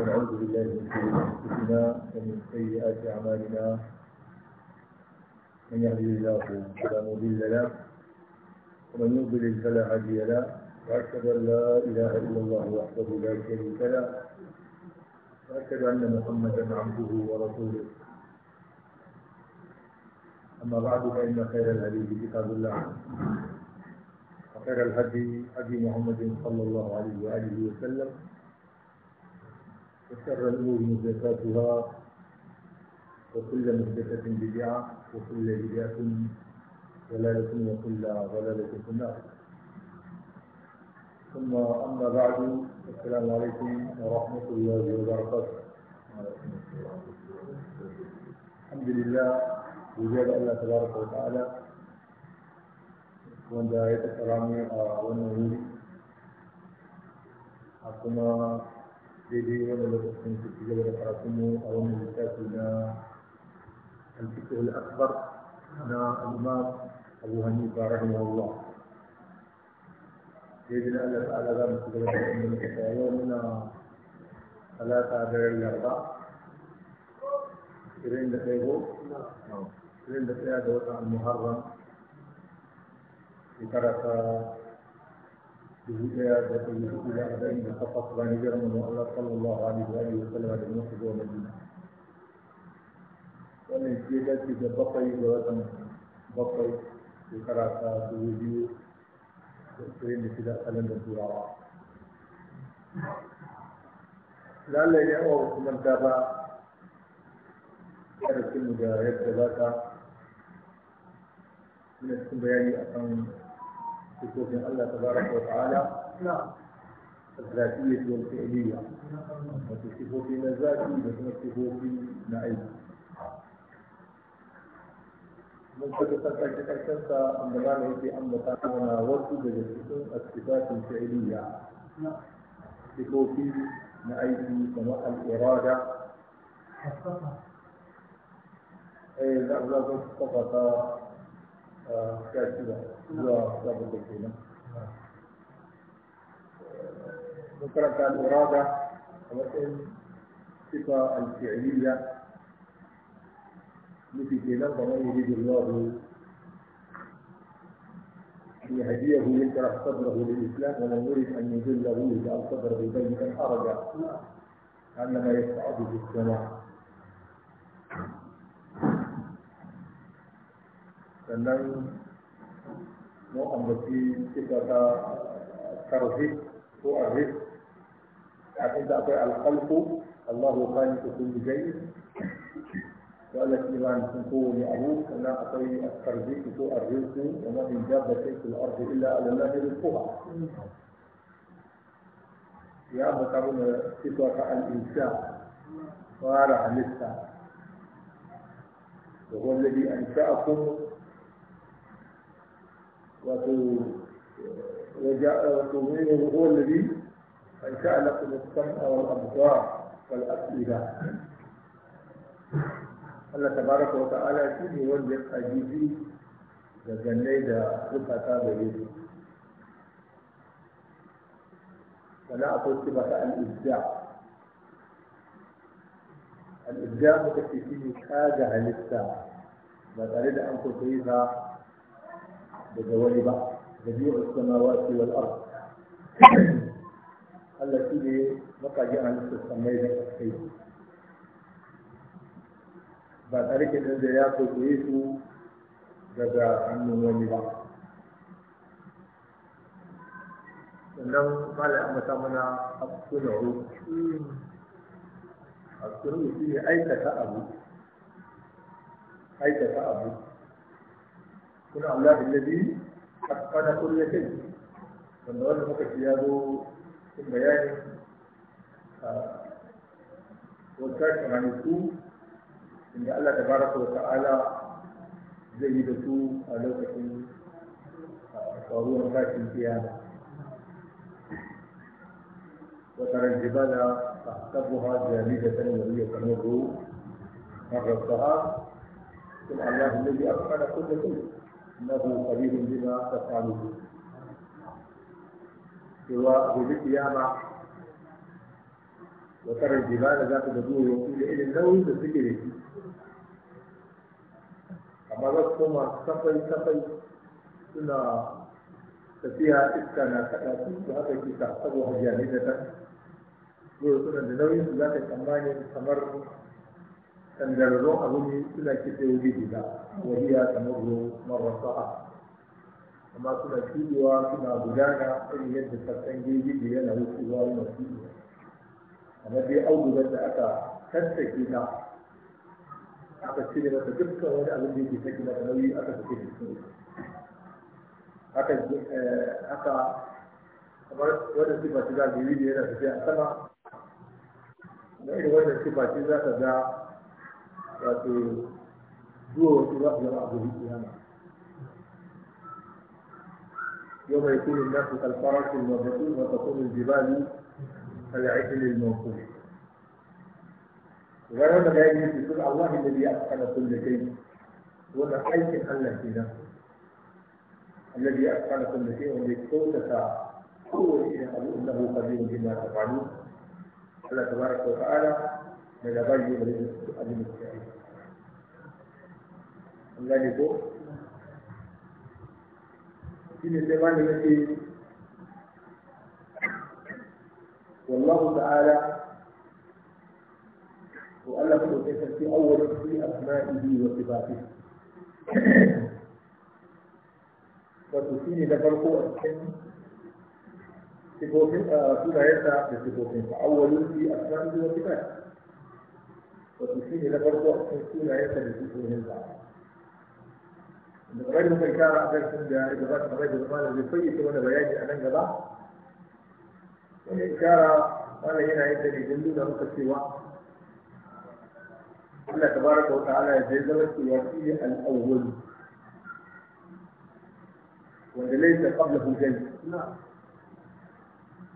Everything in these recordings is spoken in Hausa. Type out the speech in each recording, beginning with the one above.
ونعوذ بالله من شرور انفسنا ومن سيئات اعمالنا من يهدي الله فلا مضل له ومن يضلل فلا هادي له واشهد ان لا اله الا الله وحده لا شريك له واشهد ان محمدا عبده ورسوله اما بعد فان خير الحديث كتاب الله وخير الهدي هدي محمد صلى الله عليه واله وسلم وشر الأمور مهدفاتها وكل مهدفة بدعة وكل بدعة ضلالة وكل ضلالة في النار ثم أما بعد السلام عليكم ورحمة الله وبركاته الحمد لله وجاب الله تبارك وتعالى وأن السلام على آه، ونوري daidai wanda lokacin su ci gaba da karatunmu a wannan littafi na alfiqh al-akbar na al-imam Abu Hanifa rahimahullah daidai da Allah ta'ala za mu ci gaba da wannan littafi yau muna talata da yarda irin da ɗaya irin da ɗaya da watan al-muharram shekara ta بهداية بقية إلى da فقط da نجر من الله صلى biyar mu وآله وسلم على المسجد والمدينة wannan ce da ce da bakwai ga watan bakwai shekara ta dubu biyu da tsirin da shida turawa lallai ya awa kuma ta ba karakin da yadda za ta muna cikin bayani akan في الله تبارك وتعالى نعم الذاتية والفعلية وتصفه في مزاجه وتصفه في نعيمه ممكن تتحدث الكنسة أن لا نعطي أن نتعلم وجود جسدهم الصفات الفعلية نعم تفوتي نعيدي سماء الإرادة حسنا أي لا أولاد الصفات ذكرت الإرادة ولكن الصفة الفعلية التي في لفظ من يريد الله أن يهديه يشرح صدره للإسلام ولم يريد أن يذله يجعل صدره بين حرجا كأنما يصعد في السماء sannan mu ambaci sifa ta tarhib ko arif a inda akwai alƙalƙo Allahu khaliq kulli shay wa ala iman sun ni abu sannan akwai at-tarhib ko arif wa ma min dabbatin fil ardi illa ala Allah rizquha ya bakaru da sifa ta al-insha fara halitta وهو الذي أنشأكم وتغير هو الذي تعلق السمع والابصار والأسئلة الله تبارك وتعالى شنو يوجد حجيجي ذا جني ذا غفا تابعيه فلا اقول سبق الابداع الابداع هو متكفيه حاجه للساعه ما أريد ان تطيبها daga wani ba da biyu a samawati wal ard Allah shi ne an su samai da kai ba tare ke da ya kwaikwaye su daga hannun wani ba sannan malai mata mana absunahu absunahu shi ne aikata abu aikata abu كل أولاد الذي حقنا كل شيء فنوال مكتياب في البيان آه، وكاك عن يسوع إن الله تبارك وتعالى زيدتو على وكتين آه، قارون كاتم فيها وترى الجبال تحتبها جامدة وهي تمر مغرقها ثم الله الذي أقمن كل شيء إنه خبير بما تفعلون سوى في القيامة وترى الجبال ذات بدور يقول إلى النوم بذكره amma za su koma kafai-kafai suna tafiya iska na kaɗa su su haka kisa saboda hajjani da ta suna da nauyin su za ta tsammani kamar kangararrun abu ne suna kitse wuri guda wahiya kamar marar sa'a amma suna kiwowa suna gudana irin yadda sassan da yana wucewa masu kiwo amma dai audugar da aka tattake ta aka cire masa dukkan wani abin da yake saki mata nauyi aka sake da su aka kamar wanda sifa ce za ta yi yana tafiya sama na irin wanda sifa ce za ta ga wato zuwa wasu za su zama a gobe kiyama yau mai kuni na su kalfarashin wa mutum wa takunin jibali kal'aikin ilmokun ranar da ya yi su sun Allah ne da ya kana kai wannan aikin Allah ke nan الذي أتقن أنه قدير بما تفعلون الله تبارك وتعالى من بين المستعين an gane ko shi ne sai bani yake wallahu ta'ala to Allah ko sai sarki awwal fi asma'ihi wa sifatihi wato shi ne da farko a cikin sifofin a sunayensa da sifofin sa awwalun fi asma'ihi wa sifatihi wato shi ne da farko a cikin sunayensa da sifofin sa غير مكيكارة غير سنجا إضافات غير المال اللي فيه وانا بياجي أنا انقضى والإنكارة قال هنا عندنا يدلون مكسوة الله تبارك وتعالى جزم السياسي الأول واللي ليس قبله جيد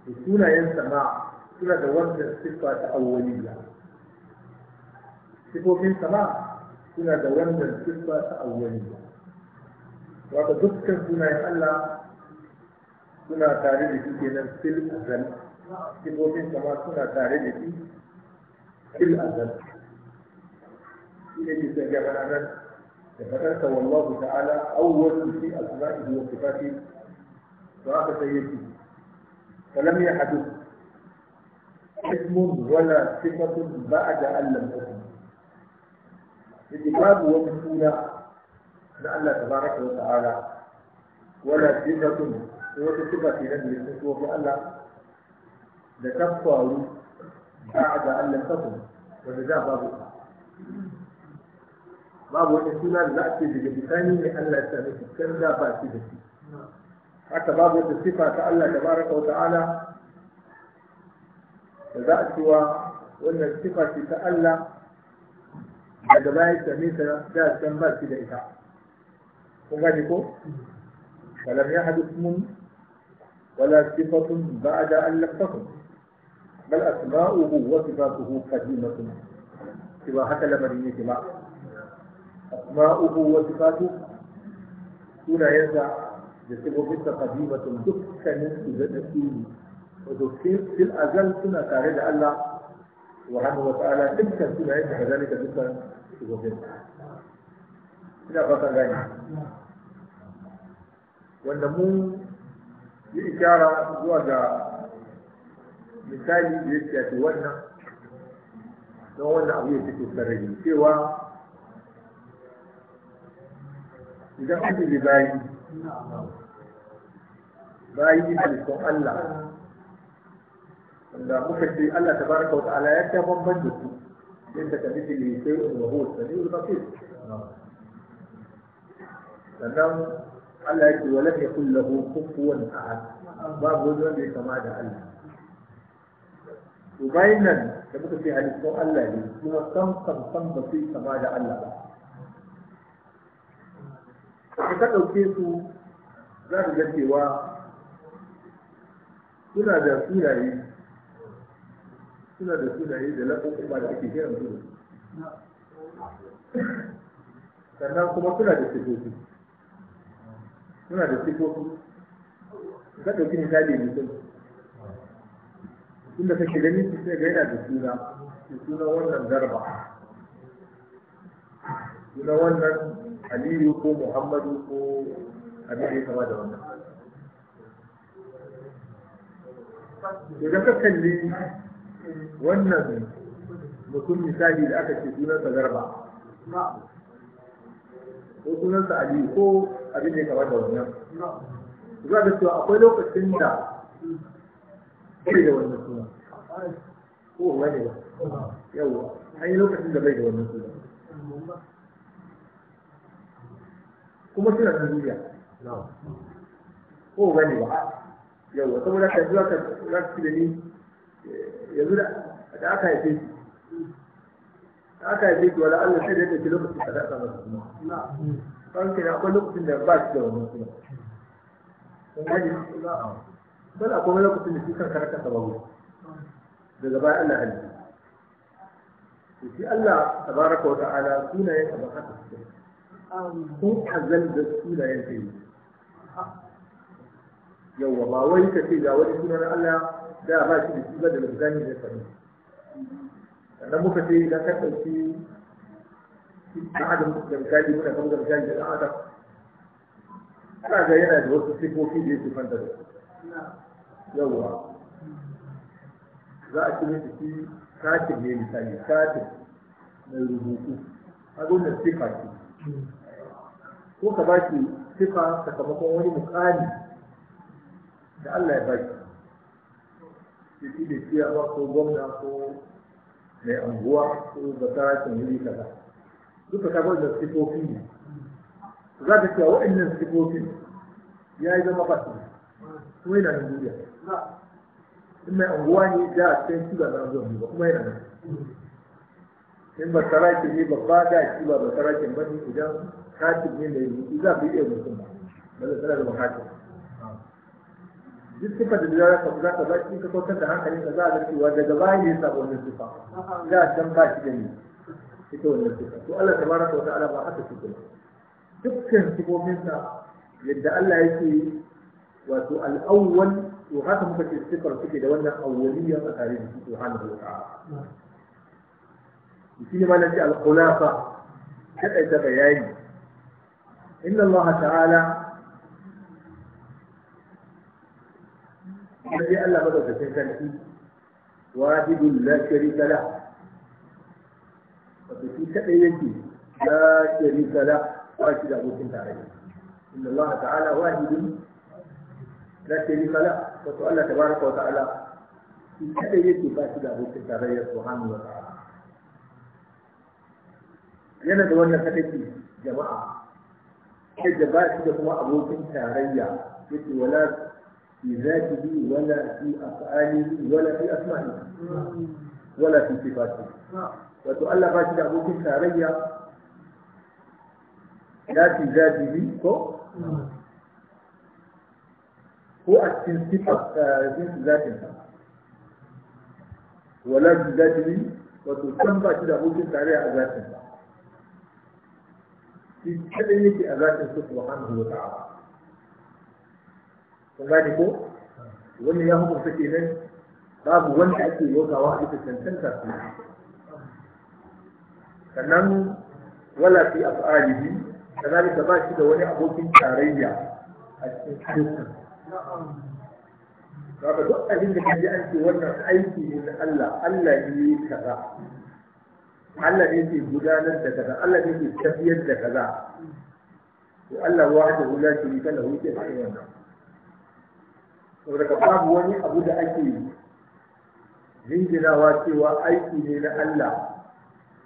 وسنة ينسمع سنة دوامت الصفة الأولية صفوفين سماع سنة دوامت الصفة الأولية wata dukkan sunayen Allah suna tare da shi kenan fil azal sifofin kama suna tare da shi fil azal shi ne ke sanya mana nan da fadarsa wallahu ta'ala awwal fi asma'ihi wa sifatihi to aka sai yake فلم يحدث اسم ولا صفة بعد أن لم تكن. إذ باب ومسؤولة na Allah Ta baraka wa ta'ala wala sifatun ko wata sifa ce nan da ya fito ga Allah da ta faru ba'da Allah takun wanda za babu babu wani suna da za a ce daga bisani ne Allah ta sami shi kan da ba shi da shi haka babu wata sifa ta Allah tabaraka wa ta'ala da za a cewa wannan sifa ce ta Allah daga baya same ta da can ba shi da ita وغادي فلم يحدث اسم ولا صفة بعد أن لم تكن بل أسماؤه وصفاته قديمة سوى حتى لمدينة ما أسماؤه وصفاته دون يرجع يصيب بك قديمة تفتن في ذنبه وتفتن في الأزل سنة كاريد ألا سبحانه وتعالى تفتن في ذلك تفتن في ذنبه wanda mun yi ishara zuwa ga misali da ya shafi wannan don wannan abu ya fito sarari cewa idan aka yi bayi bayi halittun Allah wanda muka ce Allah ta baraka wa ta'ala ya ta bambam da su yadda ka nufi ne sai in wa huwa sani wa sannan Allah ya ce walam yakul lahu kufuwan ahad babu wani wanda ya kama da Allah to bayan nan da muka ce ko Allah ne kuma san san san ba su kama da Allah ba ka dauke su za ka ga cewa suna da sunaye suna da sunaye da ba da ake kiran su sannan kuma suna da sifofi suna da sifofi ka ɗauki misali mutum inda kake ganin su sai ga yana da suna da suna wannan garba suna wannan aliyu ko muhammadu ko abin da ya kama da wannan idan ka kalli wannan mutum misali da aka ce sunansa garba ko sa Ali ko abin da ya da wannan zuwa da cewa akwai lokacin da bai da wannan suna ko wani ba yawa an yi lokacin da bai da wannan suna kuma suna da duniya ko wani ba yawa saboda ka zuwa ka ka ci da ni eh, yanzu da aka haife aka yi ki wala Allah sai da yake lokacin da zaka masu kuma kan ki akwai lokacin da ba shi da wani kuma kaji dan akwai lokacin da shi kan karaka sababu daga baya Allah halitta shi Allah tabaraka wa ta'ala sunayen ka ba haka suke sun azal da sunayen ka yi yawwa ba wai ka ce ga wani sunan Allah da ba shi da shi ba da misali da sani sannan muka ce idan ka ɗauki ɗan adam da misali muna kan misali da ɗan adam ana ga yana da wasu sifofi da yake fanta da yawwa za a cire shi katin ne misali katin mai rubutu a gudun sifa ce ko ka ba ki sifa sakamakon wani mukami da Allah ya ba shi shi da ciyawa ko gwamna ko mai anguwa ko basarakin wuri kaza duka ka gwada sifofi ne za ka cewa waɗannan sifofin ya yi zama fasu kuma yana nan duniya in mai anguwa ne da a cikin shi ba na zuwa ba kuma yana nan in basaraki ne babba da shi ba basarakin ba ne idan katin ne mai yi za ka iya mutum ba ba zai sanar da makatin duk sifa da za ka za ka baki ka kwantar da hankalin ka za a cewa daga baya ya samu wannan sifa za a san ba shi da ni ita wannan sifa to Allah ta tabaraka wa ta'ala ba haka suke dukkan sa yadda Allah yake wato al-awwal to haka muka ce sifar suke da wannan awwaliyya a tare da su subhanahu wa ta'ala shi ne ma na ce al-khulafa kada ta bayani inna Allah ta'ala sai Allah madaukakin sarki wahidul la sharika la wato shi kadai yake la sharika la ba shi da abokin tarayya inna Allah ta'ala wahidun la sharika la wato Allah tabaraka wa ta'ala shi kadai yake ba shi da abokin tarayya subhanahu wa ta'ala yana da wannan kadaki jama'a sai da ba shi da kuma abokin tarayya yake wala في ذاته ولا في أفعاله ولا في أسمائه ولا في صفاته وتؤلف هذه أبوك سارية لا في ذاته هو أكثر صفة ذاته ولا في ذاته وتسمى هذه أبوك سارية ذاته في كل يجي أذاته سبحانه وتعالى kun gane ko wani ya hukunta nan, babu wanda ake lokawa a bisa cancanta sannan wala fi af'alihi kazalika ba shi da wani abokin tarayya a cikin ayyukan Baka duk abin da kaji an ce wannan aiki ne na Allah, Allah ne ya kaza. Allah ne ke gudanar da kaza, Allah ne ke tafiyar da kaza. To Allah wahdahu la sharika lahu ke wannan. saboda ka babu wani abu da ake jingirawa cewa aiki ne na Allah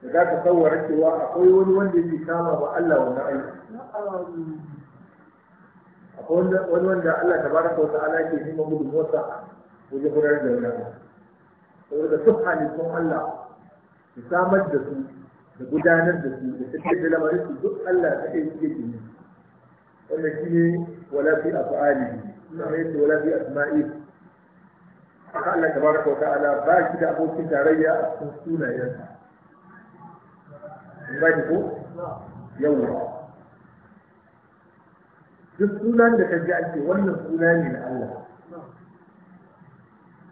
da za ka tsawara cewa akwai wani wanda yake kama wa Allah wani aiki akwai wani wanda Allah ta baraka wa ta'ala yake nima gudun motsa wajen gudanar da wani abu saboda duk halittun Allah su samar da su da gudanar da su da tafiyar da lamarin su duk Allah ta ɗaya yake yi wannan shi ne wala fi afa'alihi سميت ولا في أسمائه haka Allah tabaraka wa ta'ala ba shi da abokin tarayya a cikin sunayensa in gani ko yawa duk sunan da kaji ake wannan suna ne na Allah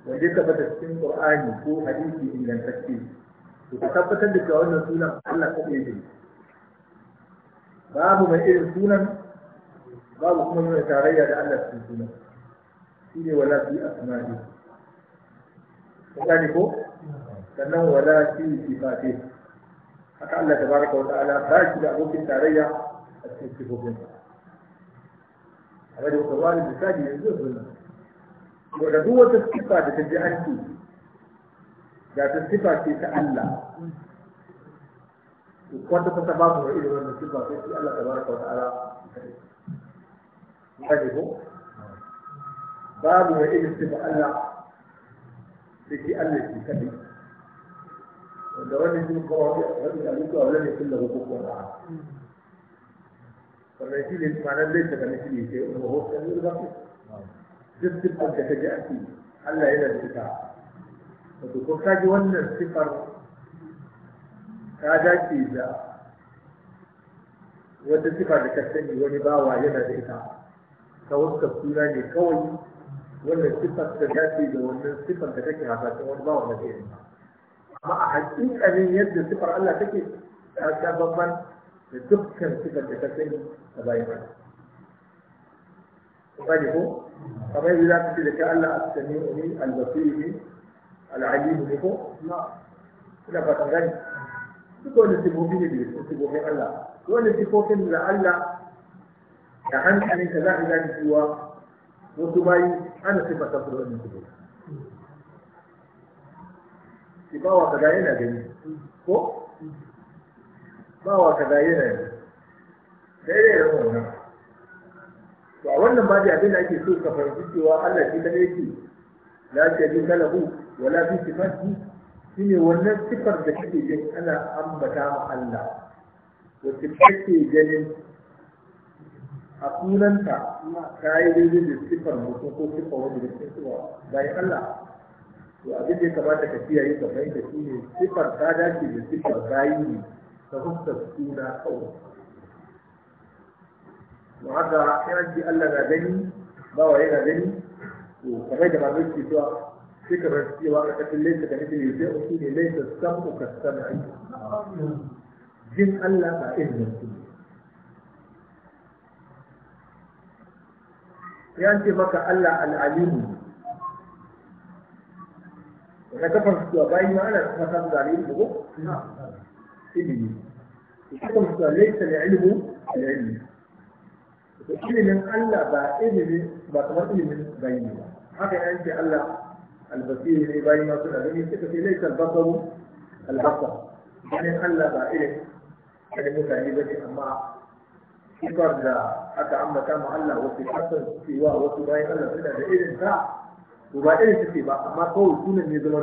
wanda ya tabbata cikin Qur'ani ko hadisi ingantacce to ka tabbatar da cewa wannan sunan Allah kaɗai ne babu mai irin sunan babu kuma nuna tarayya da Allah cikin suna shi ne wala fi asma'i kun gane ko sannan wala fi sifati haka Allah tabaraka wa ta'ala ba shi da abokin tarayya a cikin sifofin a wajen kawai da misali yanzu suna to da duk wata sifa da ta ji an ce da ta sifa ce ta Allah to ta ta babu irin wannan sifa sai Allah tabaraka wa ta'ala sani ko babu mai irin sifa Allah da ke Allah ke kaɗai wanda wani jin kowa wani da duka wani ne kulla ba kuka ba wannan shi ne ma'anar zai daga na shi ne sai wani hoton yi ba ku duk sifar da Allah yana wato ko wannan sifar da sani wani bawa yana da ita ta wasu tafsira ne kawai wanda sifar ta dace da wannan sifar da take hasashen wani bawan da zai amma a hakikalin yadda sifar Allah take ta sha babban da dukkan sifar da ta sani a bayan ba. Kuma ne ko? Kamar yadda za ka ce da ka Allah a sami ne, albasiri ne, al'alimu ne ko? Ina fatan gani. Duk wani sifofi ne da sifofin Allah. Wani sifofin da Allah da hankalin ka za ka gane cewa wasu bayi ana sifata ta da wannan su ki bawa kaza yana gani ko bawa kaza yana gani da ya yi wannan to a wannan da abin da ake so ka fahimci cewa Allah shi kadai yake la sharika lahu wa la fi shi shine wannan sifar da kake jin ana ambata ma Allah wacce kake ganin a sunanta ka yi daidai da sifar mutum ko sifar wani da ke suwa ya Allah to abin da ya kamata ka kiyaye ka da shi ne sifar ta dace da sifar bayi ne ta fuskar suna kawai to haka yawanci Allah na gani bawa yana gani to kamar da mamin ke zuwa sai ka bar cewa a kafin laifin da nake yanzu sai shi ne laifin samu ka sami jin Allah ba irin mutum ya maka Allah al'alimu na kafar suwa bayan ma ana kuma samun zare ne ko ilimi kafar suwa laisa da ilimu da ilimi to ilimin Allah ba ilimi ba kamar ilimin bayani ba haka ya ce Allah albasiri ne bayan ma suna gani suka ce laisa albasaru albasar ganin Allah ba ilim kada mutane ba ne amma sifar da aka ambata mu Allah wasu kasar cewa wasu bayan Allah suna da irin ta to ba irin take ba amma kawai sunan ne zama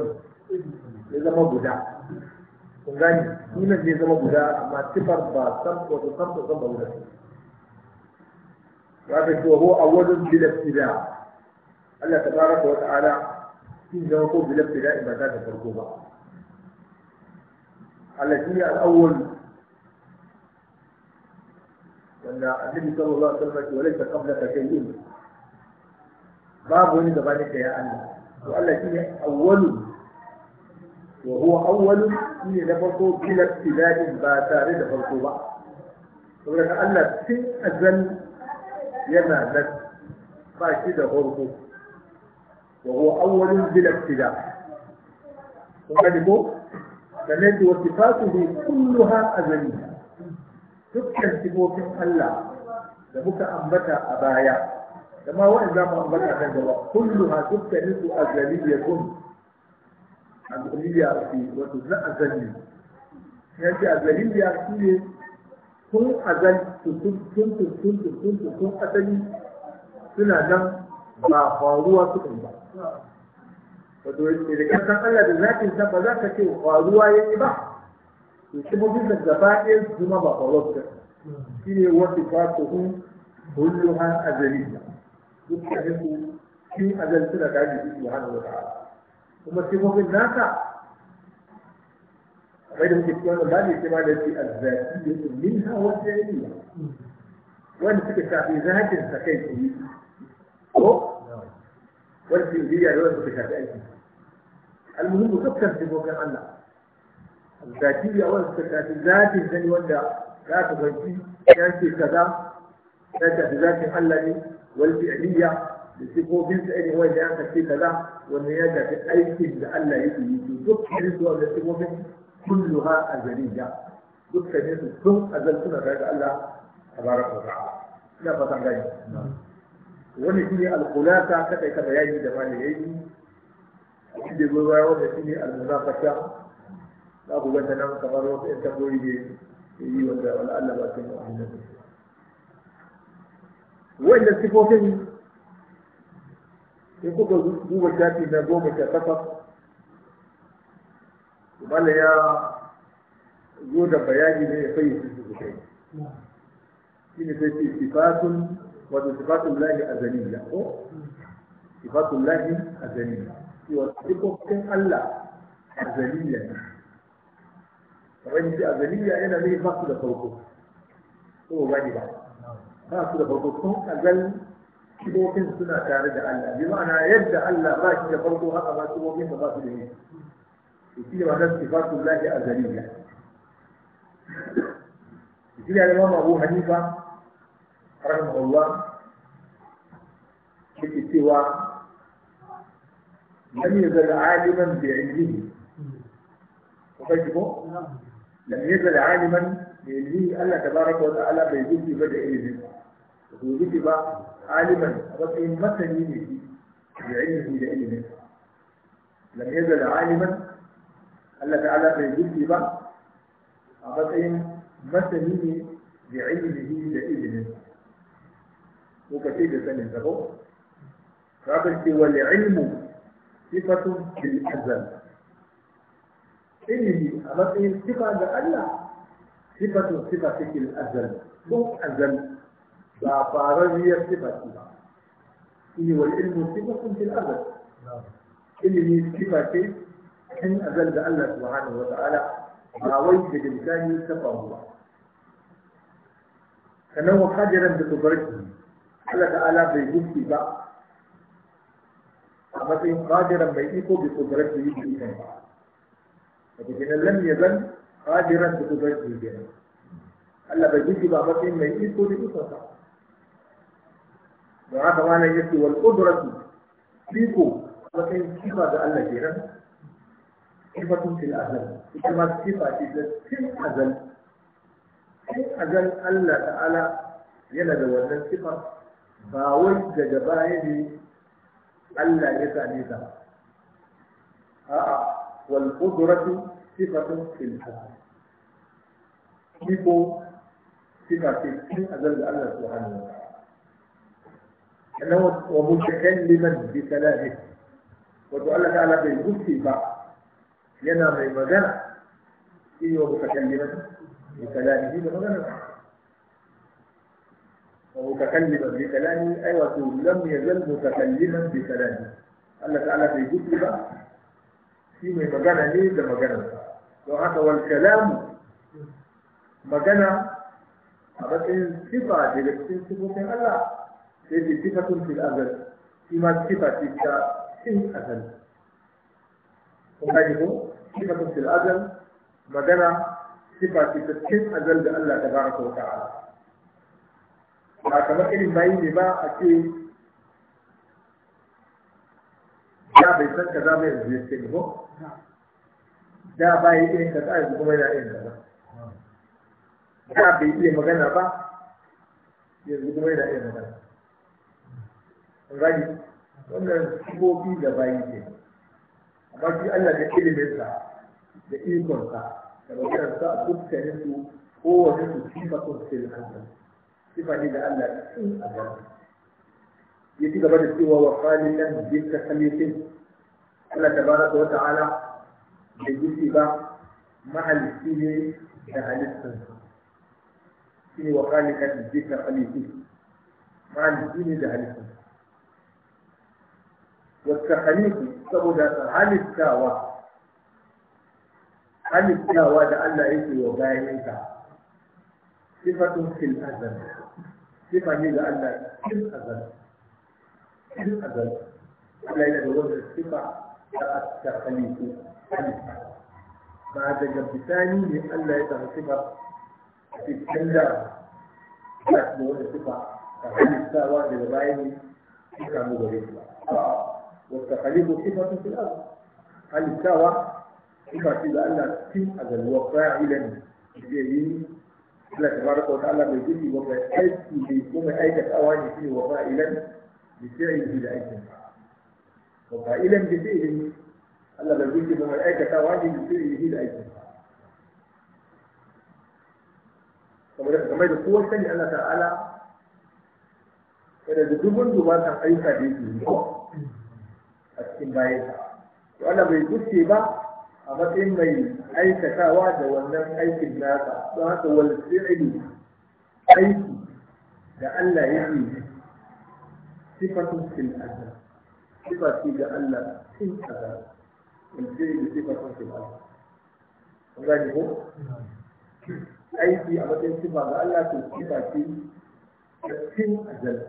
ne zama guda kun gani sunan ne zama guda amma sifar ba san wato san to zama guda ya ta cewa huwa awwalun bil ibtida Allah tabaraka wa ta'ala kin zama ko bil ibtida in ba ta farko ba Allah shi ne al-awwal wanda annabi sallallahu alaihi wasallam ya laita qabla ka shay'in babu wani gabanin da ya Allah to Allah shine awwalu wa huwa awwalu shine na farko bila ibadin ba tare da farko ba saboda ka Allah tun azal yana nan ba shi da farko wa huwa awwalu bila ibada dukkan sifofin Allah da muka ambata a baya da ma wa'in zama ambata kan gaba kullu ha dukkanin su azaliyatun azaliya fi wato na azali ya ce azaliya su ne tun azal tun tun tun tun tun tun tun asali suna nan ba faruwa su ba wato da kan Allah da zakin sa ba za ka ce faruwa yayi ba hikimomin da gaba ɗaya su zama ba farauta shi ne wata fasuhun kulluhan azaliya dukkanin su shi azalci da gaji su subhanahu wa ta'ala kuma hikimomin naka غير الاتيان لا الاعتماد في الذاتية منها والفعلية وأن تكتع في ذات فكيفية والفعلية يوجد بكتائها المهم تكتب في موقع الله zatiriya wanda suka shafi zatin gani wanda za ka banci ya ce kaza ya shafi zatin Allah ne wal fi'liya da sifofinsa irin wanda ya kace kaza wanda ya shafi aikin da Allah ya yi to duk irin da sifofin kulluha azaliya dukkanin su sun azal suna daga Allah tabaraka wa ta'ala ina fatan gani wani shine al-khulasa kada ka bayani da malai yayi shi da gobe wanda shine al-munafasa za ku ganta nan kamar wasu ‘yan tambayoyi da ya yi wanda wani Allah ba su yi wa ne. Wa'anda sifofin in kuka duba shafi na goma sha takwas, kuma ya zo da bayani ne ya fayyace su su kai. Shi ne sai ce sifatun wato sifatun lahi azaniya ko sifatun lahi azaniya. Wato sifofin Allah azaniya ne. kamar yadda a zaliya yana zai ba su da farko ko ba ni ba ba su da farko sun azal kibofin suna tare da Allah bi ma'ana yadda Allah ba shi da farko haka ba kibofin ba su da yi to shi ma nan sifatu lahi azaliya shi ne Imam Abu Hanifa rahimahullah yake cewa لم يزل عالما بعلمه ko? lam yazal aliman yanzu Allah tabaraka wa ta'ala bai zuci ba da ilimi to zuci ba aliman a matsayin masani ne shi da ilimi da ilimi lam yazal aliman Allah ta'ala bai zuci ba a matsayin masani ne da ilimi da ilimi ko ka ce da sanin sabo ka ce wal إني أبغى إني صفة لألا صفة صفة في الأزل مو أزل لا فارج هي صفة إني والعلم صفة في الأزل إني صفة إن أزل لألا سبحانه وتعالى راوي بالإنسان صفة الله كنوع قادرا بتبرك الله تعالى بيجيب فيها أما إن قادرا بيجيبه بتبرك يجيب فيها wata kenan lam ya zan qadiran da kudan kenan Allah bai jiki ba matsayin mai iko da iko sa don haka ma nan yake wal qudratu iko matsayin kifa da Allah kenan sifatun fil azal ita ma sifa ce da fil azal fil azal Allah ta'ala yana da wannan sifa ba wai daga baya ne Allah ya sa ne ta a'a wal qudratu صفة في الحسن يبو صفة في أدل الله سبحانه وتعالى أنه ومتكلما بكلامه وتقول تعالى بالجزء بعد ينا من مجانا إيه ومتكلما بكلامه بمجانا ومتكلما بكلامه أيوة لم يزل متكلما بكلامه قال تعالى بالجزء بعد shi mai magana ne وهكذا والكلام بجنا بس صفة ديلكتين صفة في الله هذه صفة في الأزل فيما صفة في الأزل وهذه صفة في الأزل بجنا صفة في الشيء أزل بالله تبارك وتعالى لكن ما ما يبا أكيد جاب يسكت جاب يزيد da ba ya iya yin kaza yanzu kuma yana yin kaza da bai iya magana ba yanzu kuma yana iya magana rage wannan sifofi da bayi ke amma shi Allah da iliminsa da ikonsa da maganarsa dukkanin su kowane su sifatun fil hankali sifa ne da Allah in a gaba ya ci gaba da cewa wa qalilan bi tasmitin Allah tabaraka wa ta'ala da yake ba mahalicci ne da halittar shi ne wa khaliqat dhikra khaliqi mahalicci ne da halittar wa takhliqi saboda halittawa halittawa da Allah yake wa bayanka sifatun fil azal sifa ne da Allah fil azal fil azal Allah yana da wannan sifa ta at-takhliqi بعد جنب ثاني لئلا يظهر صفة في الكلا تسمى صفة تخلي الساوى للغاية صفة مغرية والتخليف صفة في الأرض هل الساوى صفة في لئلا في هذا الوقع إلى الجليل لا تبارك وتعالى من جلي وما أيدي وما أيدي أواني في وفاء إلى بفعل بلا أيدي وفاء إلى بفعل Allah da zuke ba mai aikata wajibi sai yi da aiki saboda kamar da kowa sani Allah ta'ala yana da dubun dubatan ayyuka da yake yi a cikin bayan to Allah bai zuke ba a matsayin mai aikatawa da wannan aikin nasa don haka wal fi'li aiki da Allah ya yake sifatun fil adab sifati ga Allah cikin adab الجيل اللي صفة تنصب الله وذلك هو أي في أبدا صفة لألا تصفة في تسكين أزل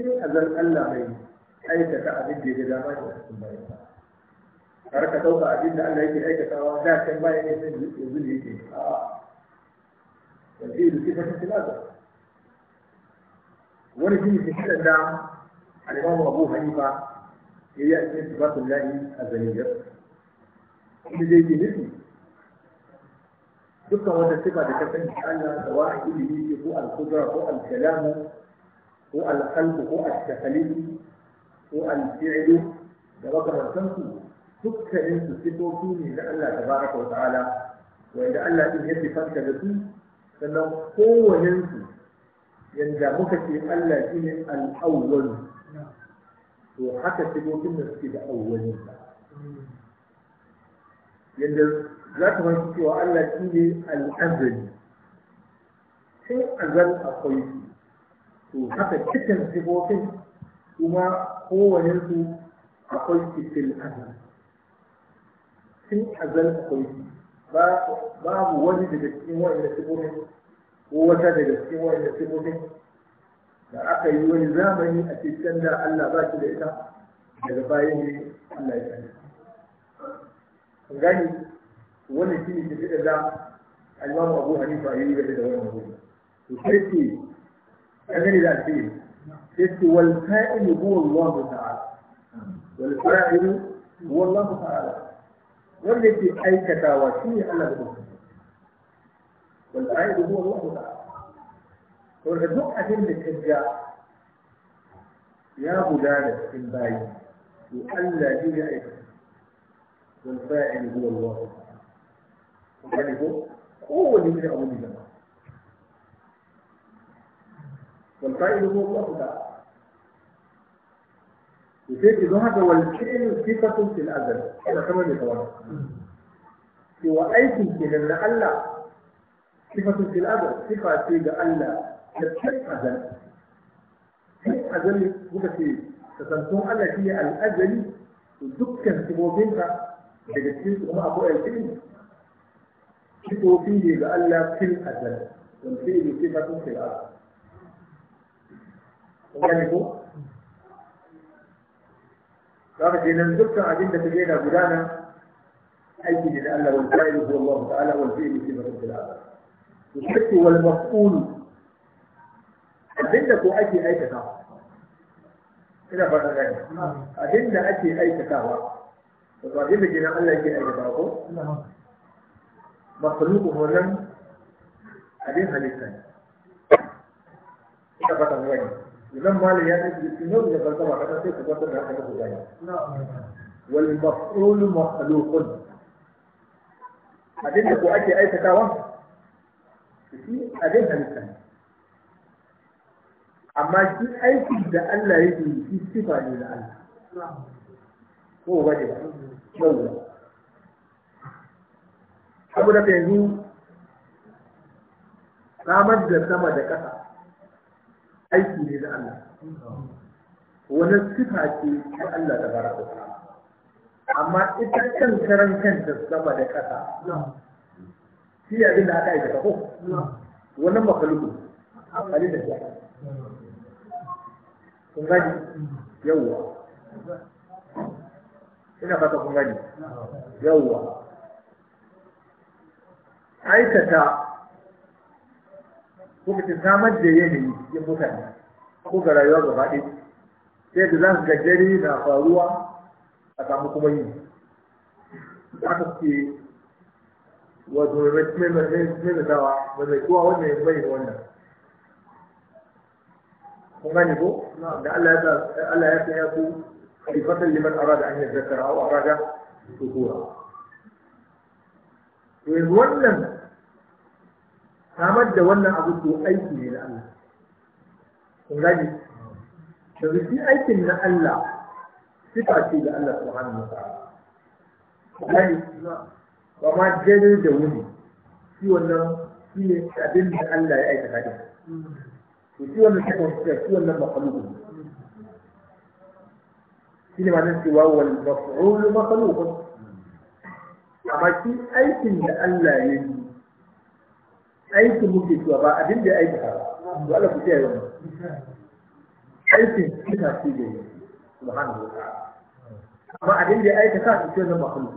cikin أزل Allah غير aikata abin da ya dama a cikin bayan ba Kar ka dauka abin da Allah yake aikatawa da kan bayan ne sai yanzu ne yake a wanda yake cikin cikin azab wani shi ne cikin da al Abu Hanifa ya yi a cikin sifatun lahi a zaniyar shi dai ke nufi dukkan wata sifa da ta sani Allah da wa ilimi ko al-qudra ko al-kalam ko al-qalb ko al-takalif ko al-fi'l da makamantansu dukkanin su sifofi ne na Allah tabaraka wa ta'ala wanda Allah din ya sifanta da su sannan kowannen su yanda muka ce Allah shine al-awwal to haka sigogin da suke da awwalin yadda za ta fahimci cewa Allah shi ne al'azali tun azal akwai su to haka cikin sigogin kuma kowane su akwai cikin azal tun azal akwai su babu wani daga cikin wa'anda sigogin ko wata daga cikin wa'anda sigogin da aka yi wani zamani a cikin da Allah ba shi da ita daga bayan ne Allah ya sani gani wani shi ne tafi da yi mamu Abu Hanifa yayi da da wannan hukunci to sai ce gani da ce sai ce ne buwan huwa Allah ta'ala ne buwan huwa Allah ta'ala wanda ke aikatawa shi ne Allah da ne fa'il huwa Allah ta'ala to da duk abin da ka ga ya gudana cikin bayi to Allah ne ya aika wal fa'il huwa Allah kuma ko kowane ne abu ne wal fa'il huwa Allah ta'ala وفيك ده هذا والفعل صفة في الأزل هذا كمان يتوقع سوى أيكم كده لألا صفة في الأزل صفة في ألا كيف أجل كيف أجل مكتي تسمتون ألا هي الأجل دكتن سبوبينك daga cikin kuma abu alfin sifofi ne ga Allah fil azal wal fi'l sifatun fil azal kuma ko kaga kenan dukkan abin da kake da gudana aiki ne da Allah wal fa'il huwa Allah ta'ala wal fi'l sifatun fil azal to shirki wal maf'ul abinda ko ake aikatawa ina ba ta gani abinda ake aikatawa to ba abinda ke nan Allah yake aikatawa ko makhluqu wannan abin halitta ne ina ba ta gani idan malin ya ce cikin yau da falsafa kada sai ku gwada da haka ku gani wal maf'ul makhluqun abinda ko ake aikatawa shi abin halitta ne amma shi aiki da Allah ya yake shi sifa ne da Allah ko ba ne yau abu da yanzu samar da sama da ƙasa aiki ne da Allah wani sifa ce ta Allah da baraka amma ita kan karan kanta sama da ƙasa shi abin da aka aikata ko wani da halitta kun gani yawwa ina fata kun gani yawwa aikata kuma ta samar da yanayi ya mutane ko ga rayuwa gaba ɗaya sai da za su gajere na faruwa a samu kuma yi aka ce wato mai mai mai mai mai mai mai mai mai mai mai mai mai منه لألا لألا يكون صفة لمن أراد أن يتذكرها أو أراد ذكورها. ولم تمد ولا أبد أيتي إلى الله. ولدي فبسي أيتي من الله صفة شيء الله سبحانه وتعالى. ولدي وما جدل دوني في ولا في أبد من الله أيتي هذا. to shi wannan ta tafsir shi wannan makhluq shi ne ma'anar cewa wal amma shi aikin da Allah ya yi aikin muke cewa ba abin da ya aikata ba to Allah ku ce yawa aikin shi ta ce da yi subhanahu wa ta'ala amma abin da ya aikata shi wannan makhluq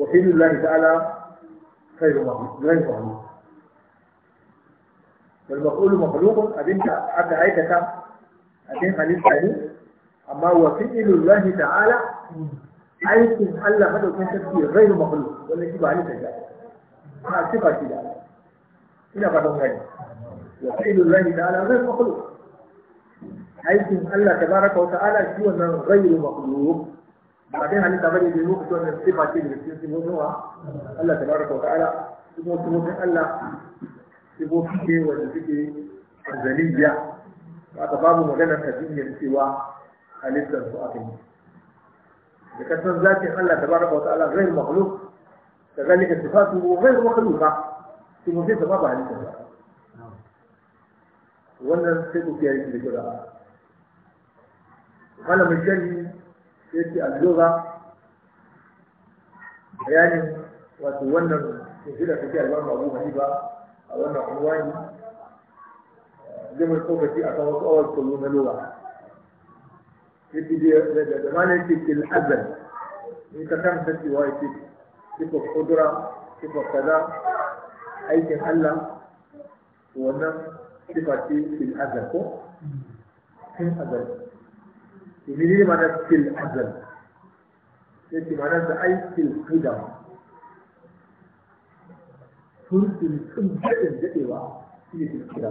وحيد الله تعالى خير مخلوق غير مخلوق والمقول مخلوق أبنت أبدا عيدك أبنت للتعليم أما وفعل الله تعالى حيث ألا هذا كان تفكير غير مخلوق ولا يجب عليه تجاه ما صفة كده هنا بعد غير وفعل الله تعالى غير مخلوق حيث ألا تبارك وتعالى شيء غير مخلوق بعدين هل تبني بنوك تون الصفة كده في سنوها ألا تبارك وتعالى سنوه سنوه ألا sifofi ne wanda suke azaliya ba ta babu maganar kadimiyar cewa halittar su aka yi da kasan zakin Allah da baraka wata ala ghairu makhluq da zalika sifatu ghairu makhluqa sifofin sai babu halittar ba wannan sai ku kiyaye da Wala mai shari sai ce allura bayanin wato wannan da take albarka abu hanifa a wannan unwani eh, zai mai tsokaci a kan wasu awar kullu na lura yake da mana yake fil azal in ka kanta cewa yake sifa kudura sifa kaza aikin Allah wannan sifa ce fil azal ko fil azal to ne ne ma da fil azal yake ma da aikin kudura sun sun daɗin daɗewa shi ne kira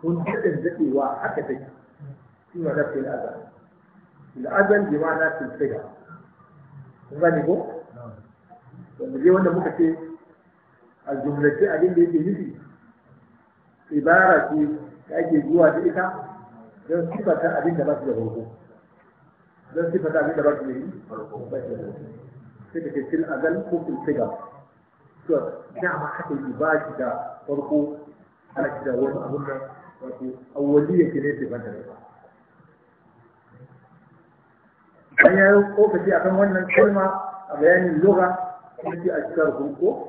sun daɗin daɗewa haka take shi ne na fil azal fil azal bi ma'ana fil kira kun gane ko wanda dai wanda muka ce a jumlace abin da yake nufi ibara ce da ake zuwa da ita don sifata abin da ba su da farko don sifata abin da ba su da farko sai da ke fil azal ko fil kira دعم حتى الباج دا فرقو على كده وما هم أولية كنيسة بندر أنا أقول في أفهم أن الكلمة بيان اللغة التي أذكر فرقو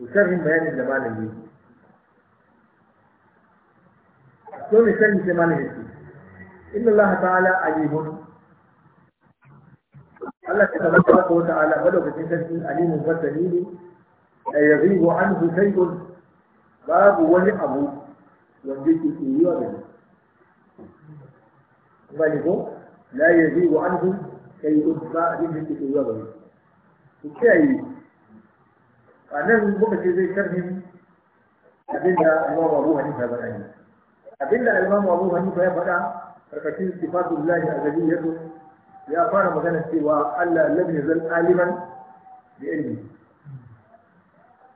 وشرح بيان الزمان اللي كل سنة زمان اللي إن الله تعالى عليهم Allah ta kama ta wata wata ala madaukakin sarki alimin wata ne da ya rigo an husaikun babu wani abu wanda ke tsiriwa da ni. Kuma ne ko? La ya rigo an hu kai ba abin da ke tsiriwa da ni. Ku kiyaye. A nan muka ce zai sharhin abin da Imam Abu Hanifa ba ne. Abin da Imam Abu Hanifa ya faɗa karkashin sifatullahi a gari ya ya fara magana cewa Allah lam zan aliman da ilmi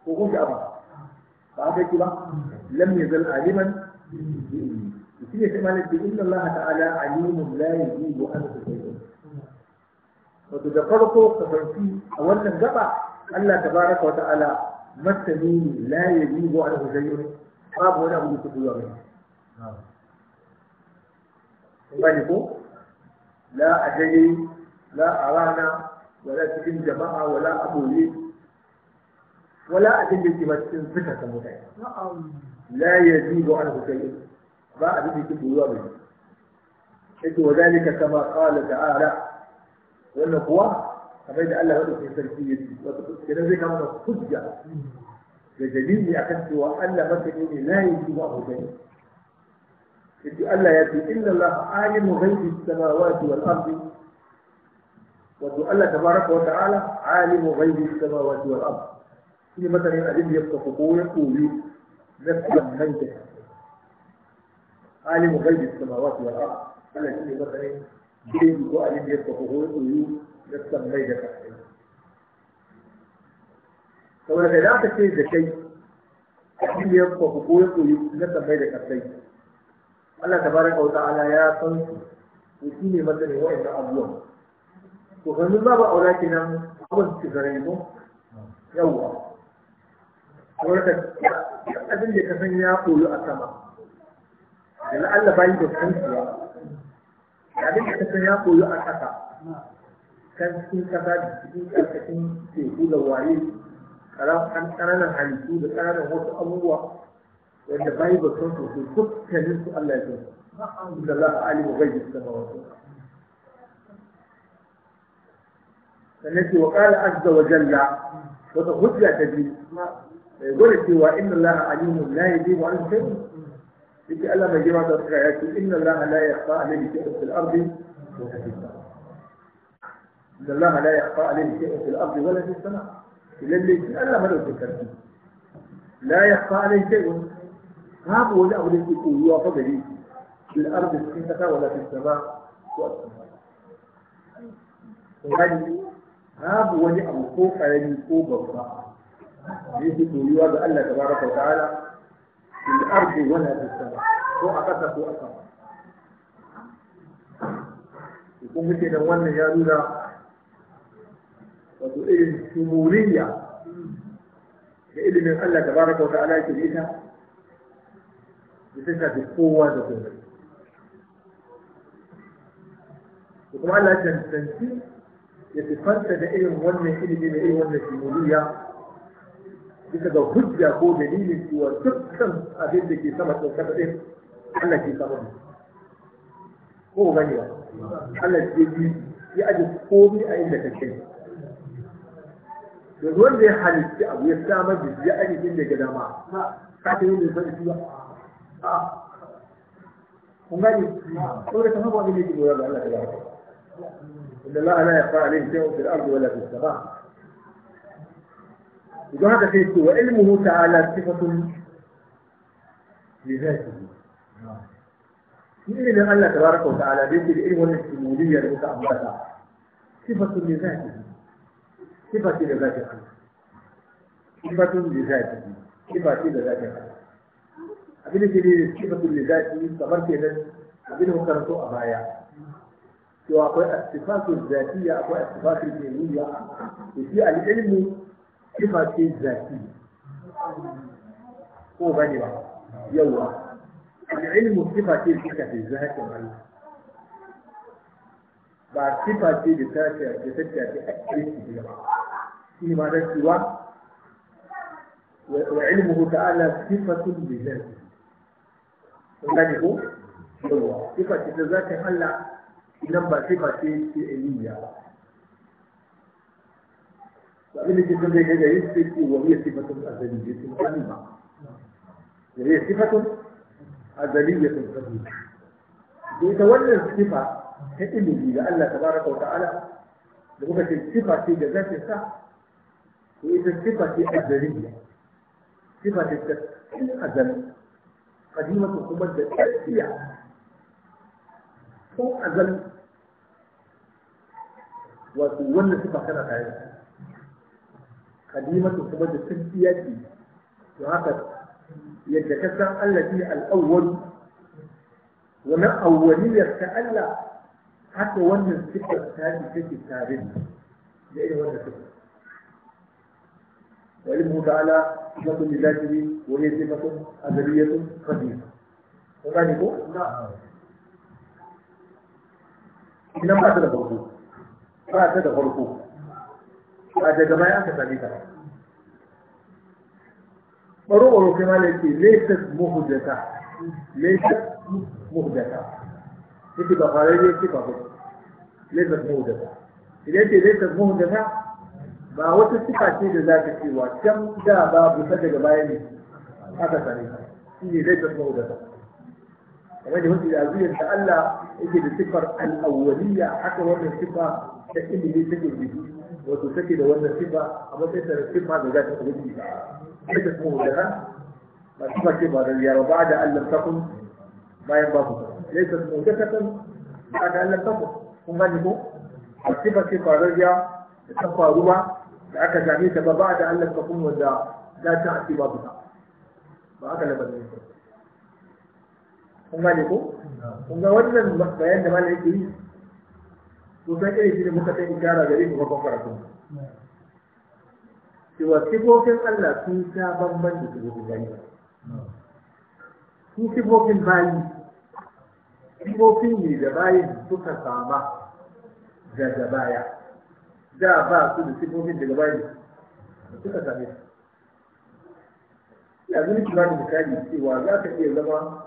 ko kun abu ba haka yake ba lam zan aliman bi ilmi shi ne kuma ne inna Allah ta'ala alimun la yajibu an tusayyi wato da farko ka farki a wannan gaba Allah tabaraka wa ta'ala masani la yajibu an tusayyi babu wani abu da ke zuwa mai ko la a dare la rana wala cikin jama'a wala a wala a cikin ke cikin suka ta mutane la ya zigo an hukai ba a cikin ke buruwa ba yake wa zalika kama qala ta'ala wannan kuwa kamar da Allah wadda ke sarki ya zai hujja da dalili akan cewa Allah masa ne la ya ألا يأتي إلا الله عالم غيب السماوات والأرض وتؤلى تبارك وتعالى عالم غيب السماوات والأرض في مثلا يبقى يتفقوا يقول نفسا من جهة عالم غيب السماوات والأرض الذين مثلا الذين يبقى يتفقوا يقول نفسا من جهة فولا تدعك شيء ذكي يبقى يتفقوا يقول نفسا من جهة Allah ta baraka wa ta'ala ya san shi ne matsalin wa'in da abuwan to kamin babu aura kenan abin su zare ko yawwa warka abin da ka san ya koyo a sama da la'alla bayi da kansuwa abin da ka san ya koyo a ƙasa kan cikin ƙasa da cikin ƙarƙashin teku da waye ƙananan halittu da ƙananan wasu abubuwa لأن البايبل تنصر في كل نفسه ألا يكون إن الله عالم غيب السماوات التي وقال عز وجل وتخرج تجيب يقول إن الله عليم لا يجيب عن شيء يجي ألا ما يجيب عن إن الله لا يخفى عليه شيء في الأرض ولا في السماء إن الله لا يخفى عليه شيء في الأرض ولا في السماء إلا اللي ألا ما لو تكلم لا يخفى عليه شيء babu wani abu da yake koyuwa fa gari fil ardi cikin kasa wala fis sama ko asama babu wani abu ko karami ko babba da yake koyuwa ga Allah tabaraka wa ta'ala fil ardi wala fis sama ko a kasa ko a sama kun muke nan wannan ya nuna wato irin sumuriya da ilimin Allah tabaraka wa ta'ala yake da ita ita shafi kowa da komai da kuma Allah ya cancanci ya fi sifanta da irin wannan ilimi da irin wannan kimiyya bisa ga hujja ko dalilin cewa dukkan abin da ke sama ɗin ɗin Allah ke sama ne ko gani ba Allah ke bi ya aje komai a inda kake yanzu wanda ya halitta abu ya samar da ya aje inda ga dama ka ta yi ne sai ba ومالي قولة هو اللي يجب ولا لا إله إلا الله لا يقع عليه شيء في الأرض ولا في السماء وهذا شيء وعلمه تعالى صفة لذاته إذن الله تبارك وتعالى بيت العلم والاحتمالية المتعبدة صفة لذاته صفة لذاته صفة لذاته صفة لذاته abin da ne sifatun da zafi kamar kenan abin da karanto a baya to akwai asifatun zafiya akwai asifatun kemiya da shi al'ilmi sifa ce zafi ko gani ba yawa al'ilmu sifa ce suka fi zafin Allah ba sifa ce da ta shafi ta shafi a cikin ba shi ma dan cewa وعلمه تعالى صفة بذاته kun gane ko yawa sifa ce ta zatin Allah idan ba sifa ce ce iliya ba abin da ke son zai gaga yin sai ce wani sifatun azaliya sun sani ba wani sifatun azaliya sun sani da ita wannan sifa ta ilimi ga Allah tabaraka wa ta'ala da kuka ce sifa ce da zatin sa to ita sifa ce azaliya sifa ce ta azaliya قديمة كما تأتيا فوق أزل وأن سبا كان تعيش قديمة كما تأتيا وهكذا يتكسر الذي الأول وما أولية كألا حتى وأن السبا الثاني تأتي التابعين لأي وأن السبا وعلمه تعالى صفة لذاته وهي صفة أزلية قديمة وذلك نعم إنما ما أتدى فرقه ما أتدى فرقه أتدى كما أنت تعليمها مرور كما لكي ليست مهدسة ليست مهدسة إنت بقالي ليست مهدسة ليست مهدسة إذا أنت ليست مهدسة ba wata sifa ce da za ka ce wa can da babu ta daga baya ne aka sani shi ne zai tasma'u da ta kamar da wasu yazuyar da Allah yake da siffar al'awwaliya haka wannan siffa ta ilimi take jiki wato take da wannan siffa a matsayin da siffa da za ta tafi jiki sai ta kuma wadana ba siffa ce ba da yaro ba da Allah takun bayan babu sai ta kuma wadana takun ba da Allah takun kun gani ko a siffa ce ba da ya ta faru ba da aka same ta ba ba da Allah ka kuma da da ta ake ba ta ba aka labarin ta kun gane ko kun ga wannan bayan da malai yake yi to sai kai shi ne muka kai ishara gare mu bakon karatu cewa sifofin Allah sun ta bamban da sifofin bayi su sifofin bayi sifofin ne da bayin suka sama daga baya da ba su da sifofin daga bayan da suka same su yanzu nake ba da misali cewa za ka iya zama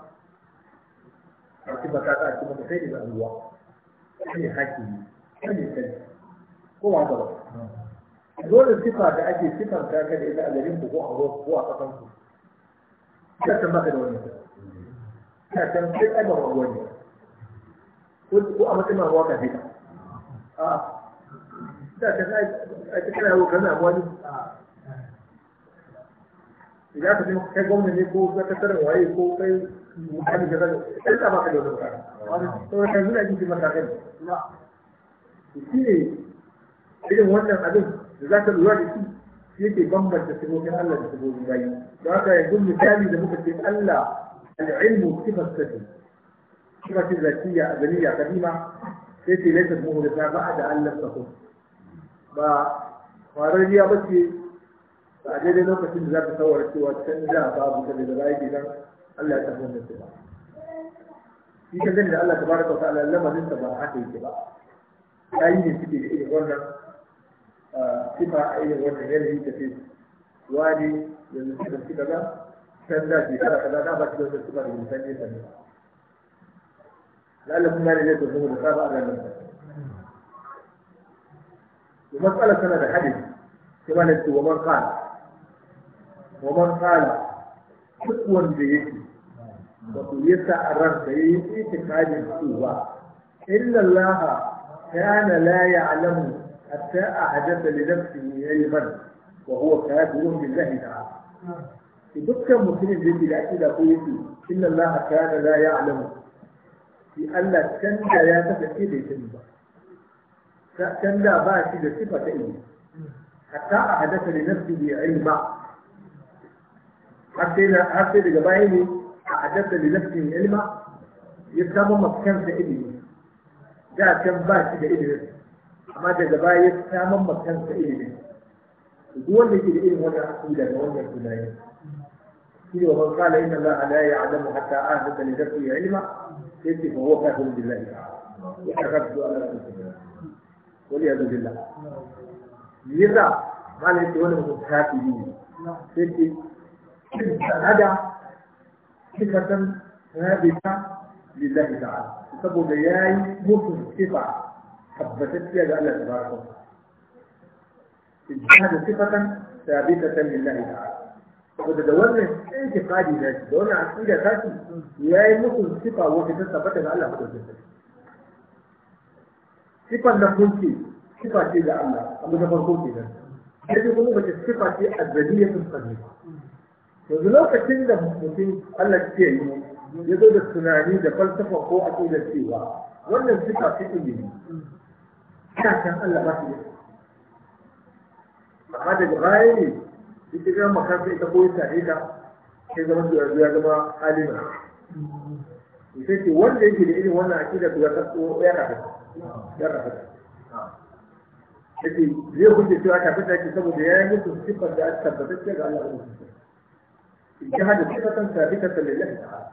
a ci baka ta ci baka kai da ruwa kai ne haki kai ne kai ko ba ba dole sifa da ake sifar ta ka da ita a ku ko a ruwa ko a kasan ku ka san baka da wani ka san sai ai ba wani ko a matsayin ma ka fita a'a لكن لا هو كلام واجب idan aka jima kai gwamna ne ko ka tattara waye ko kai mutane ka zaga sai ka baka da wata bukata to kan zuna jiki matakai shi ne irin wannan abin da za ka lura da shi yake bambanta sifofin Allah da sifofin bayi don haka yanzu misali da muka ce Allah al'ilmu sifar sadi sifar zakiya azaliya kadima sai ce laifin muhu da ta ba'a da Allah sahun ba kwararriya ba ce a daidai lokacin da za ta tsawar cewa can da babu ta daga baya gidan Allah ya tafi wannan ba shi ka gani da Allah ta baraka ta Allah lamarin ta ba haka yake ba yi ne suke da irin wannan sifa a irin wannan yanayi ta ce wani yanzu suka ci kaza can da ke kada kaza da ba shi da wata sifa da mutane ta ne lalla kuma ne zai tafi da saba a ranar ومسألة سند حديث كما نسي ومن قال ومن قال تكون بيتي وقل يسأل بيتي تقاد السوء إلا الله كان لا يعلم حتى أحدث لنفسه علما وهو كافر بالله تعالى dukkan mutumin da yake da aƙida ko yake inna Allah kana la ya'lamu shi Allah can da ya kasance da yake ba كان لا بأس بصفة إيه حتى أحدث لنفسه علما حتى حتى لجبايني أحدث لنفسه علما يتابع ما كان في إيه جاء كان بأس بإيه أما جبايني يتابع ما كان في إيه هو الذي يجد إيه هنا أقول له وأنا أقول له ومن قال إن الله لا يعلم حتى أحدث لنفسه علما كيف هو فاهم بالله تعالى وحرقت سؤالك وليعوذ بالله يرى ما ليس هو المتحاكم منه سيدي هذا فكرة ثابتة لله تعالى تبو دياي مصر صفة حبتت فيها لألا تبارك وتعالى إنها صفة ثابتة لله تعالى وإذا دورنا انتقادي ذاتي دورنا عقيدة ذاتي دياي مصر صفة وفي ثابتة لألا تبارك وتعالى sifan da kunci sifa ce da Allah abu da farko ke nan sai dai kuma wace sifa ce azaliya sun sani yanzu lokacin da mutum Allah ke yi ya zo da tunani da falsafa ko a aqidar cewa wannan sifa ce ilimi ina san Allah ba shi amma daga baya ne ita ga makarfa ita ko ita ita sai zama su yanzu ya zama alima ita ce wanda yake da irin wannan aqidar da ya kaso yana da yan rahoto yake zai hujje cewa kafin da yake saboda ya yi musu siffar da aka tabbatacce ga Allah da musu in ji hada siffatan sabitatan lillahi ta'ala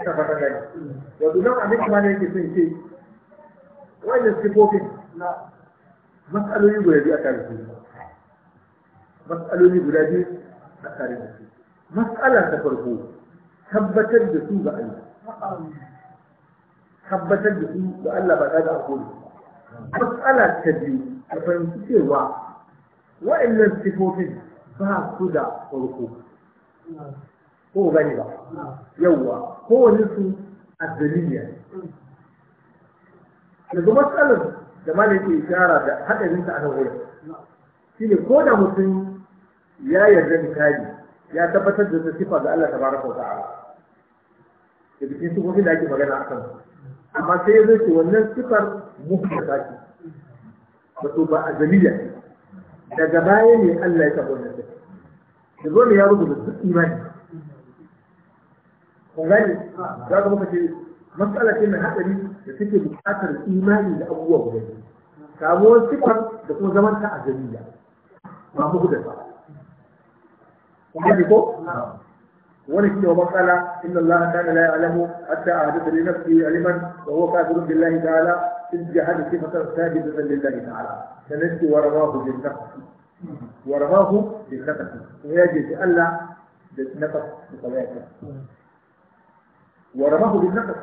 ina fata gani wato nan abin kuma ne yake son ce wannan siffofin na matsaloli guda biyu a tare da su matsaloli guda biyu a tare da su matsalar ta farko tabbatar da su ga Allah tabbatar da su da Allah ba da akwai. matsala ta biyu a fahimci cewa wa'annan sifofin ba su da farko ko gani ba yawwa kowane su azzaliya yanzu matsalar da ma ke shara da haɗarin ta a nan wurin ne ko da mutum ya yarda kari ya tabbatar da sifa da Allah ta tabaraka wa ta'ala da bikin sifofin da ake magana a kansu amma sai ya zai wannan sifar muhdasa ce wato ba a zaliya daga baya ne Allah ya taɓa wannan sifar da zo ne ya rubuta duk imani kun gani za ka muka ce matsala ce mai hadari da take buƙatar imani da abubuwa guda biyu samuwar sifar da kuma zaman ta a zaliya ba muhdasa kun gani ko ولكي وبقال إن الله كان لا يعلم حتى أحدث لنفسه علما وهو كافر بالله تعالى إذ جهل صفة ساجدة لله تعالى فنسي ورواه بالنفس ورواه بالنفس ويجب ألا بالنفس بطبيعته ورواه بالنفس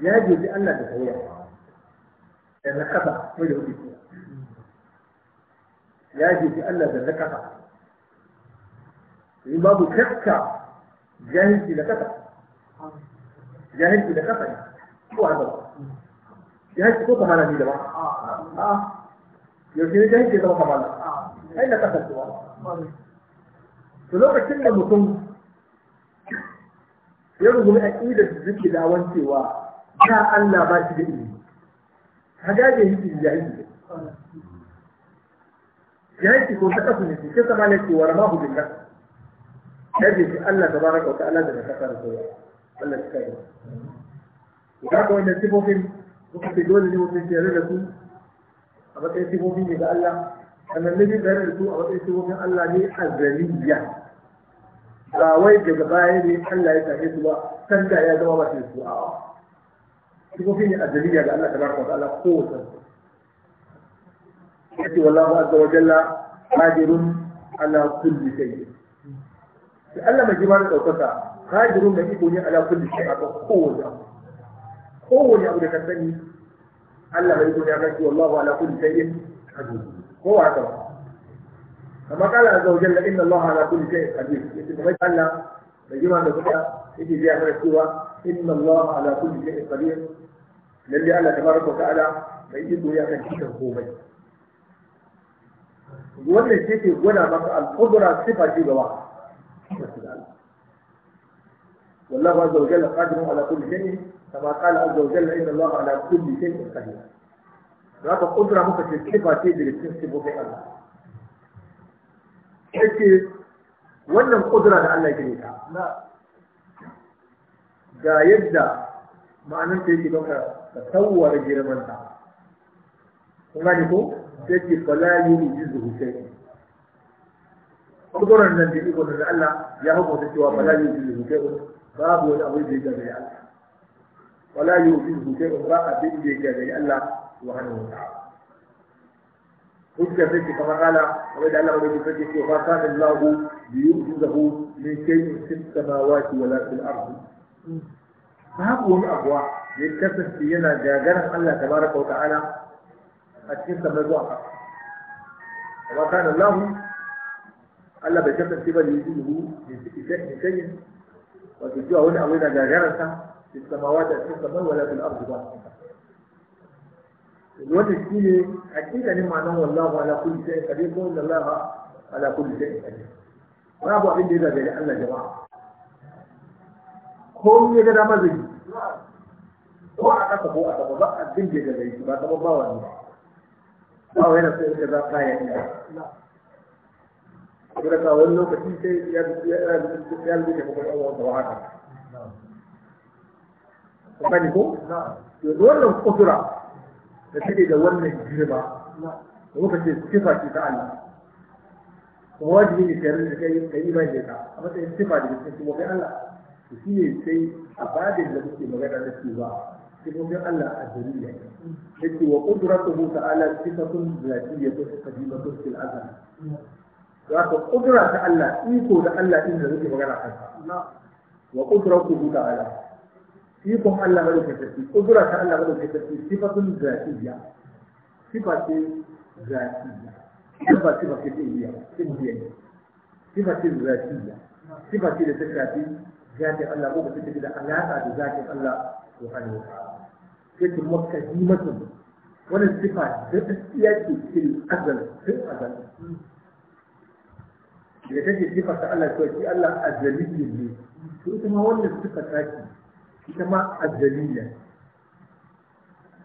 يجب ألا بطبيعته لأن خطأ وجهه الإسلام يجب ألا بالنفس إن باب jahilci da kasa jahilci da kasa ne ko haka ba jahilci ko kamala ne da ba a yaushe ne jahilci zama kamala ai na kasa kuwa to lokacin da mutum ya rungumi aƙidar da suke dawon cewa ya Allah ba shi da ilimi ka gaje yi jahilci jahilci ko ta kasu ne ke sama ne ke wa ramahu hudun kasa هذه الله تبارك وتعالى ذي الفكر هو الله سبحانه يقول إن تبوهم وتجول لي وتجير لكم أما تبوهم إذا الله أما النبي ذي لكم أما تبوهم الله لي أزلية لا ويد جبائر الله يتحدث سوى سنتا يا دوابة سوى تبوهم أزلية الله تبارك وتعالى قوة يأتي والله عز وجل قادر على كل شيء shi Allah mai girma da ɗaukaka hajiru mai iko ne ala kulli shay a kowane abu kowane abu da ka sani Allah mai iko ne akan shi wallahu ala kulli shay'in qadir ko wa haka kama kala azza wa jalla inna Allah ala kulli shay'in qadir yace kuma Allah mai girma da ɗaukaka yake biya mana cewa inna Allah ala kulli shay'in qadir lalle Allah tabaraka wa ta'ala mai iko ne akan shi komai wannan ce ke gwada maka al-qudra sifa ce gaba قيمة العلم والله عز وجل قادر على كل شيء كما قال عز وجل إن الله على كل شيء قدير za ka kudura muka ce sifa ce da cikin sifofin Allah yake wannan kudura da Allah ya ta ga yadda ma'ananta yake baka ka tawwara girman ta kudurar nan da iko da Allah ya hukunta cewa bala yi biyu kai babu wani abu da ya gare Allah yi biyu kai ba abin da ya gare Allah subhanahu wa ta'ala hujjar ke kamar ala kamar da Allah wani sarki ce fa kana Allah liyuzahu min shay'in fis samawati wala fil ardi babu wani abu da ya kasance yana gagarin Allah tabaraka wa ta'ala a cikin samai zuwa ƙasa. Wa kana lahu? قال لك بشكل سيبل يجيله يسين وتجيه هنا أو هنا جاغرة في السماوات في السماء ولا في الأرض بعد الوجه السيني حكينا نمع نوم الله على كل شيء قدير وان الله على كل شيء قدير ما أبو عبد إذا جاء لأن جماعة هم يجد مزيد هو أتقف هو أتقف لا أتقف جدا ليس ما أتقف الله ولا الله أو هنا سيئة كذا قاية لا saboda ka wani lokaci sai ya ya rubuta bakon Allah da haka ku gani ko yanzu wannan kudura da take da wannan girma da muka ce sifa ce ta Allah kuma wajibi ne tare da kai kai imani da ka a matsayin sifa da cikin sifofin Allah to shi ne sai a babin da muke magana da cewa sifofin Allah a dariya yake wa qudratuhu ta'ala sifatun zatiyatun qadimatun fil azal za ka kudura ta Allah iko da Allah din da zai magana kansa wa qudratuhu ta'ala ikon Allah mai da tafi kudura ta Allah mai da tafi sifatun zatiyya sifa ce zatiyya sifa ce ba ce iya sifa sifa ce zatiyya sifa ce da ta shafi zatin Allah ko da take da alaka da zatin Allah subhanahu wa ta'ala sai makka himatun wannan sifa da ta tsiyace fil azal fil azal da take sifar ta Allah cewa shi Allah azaliyin ne to ita ma wannan sifar ta ce ita ma azaliya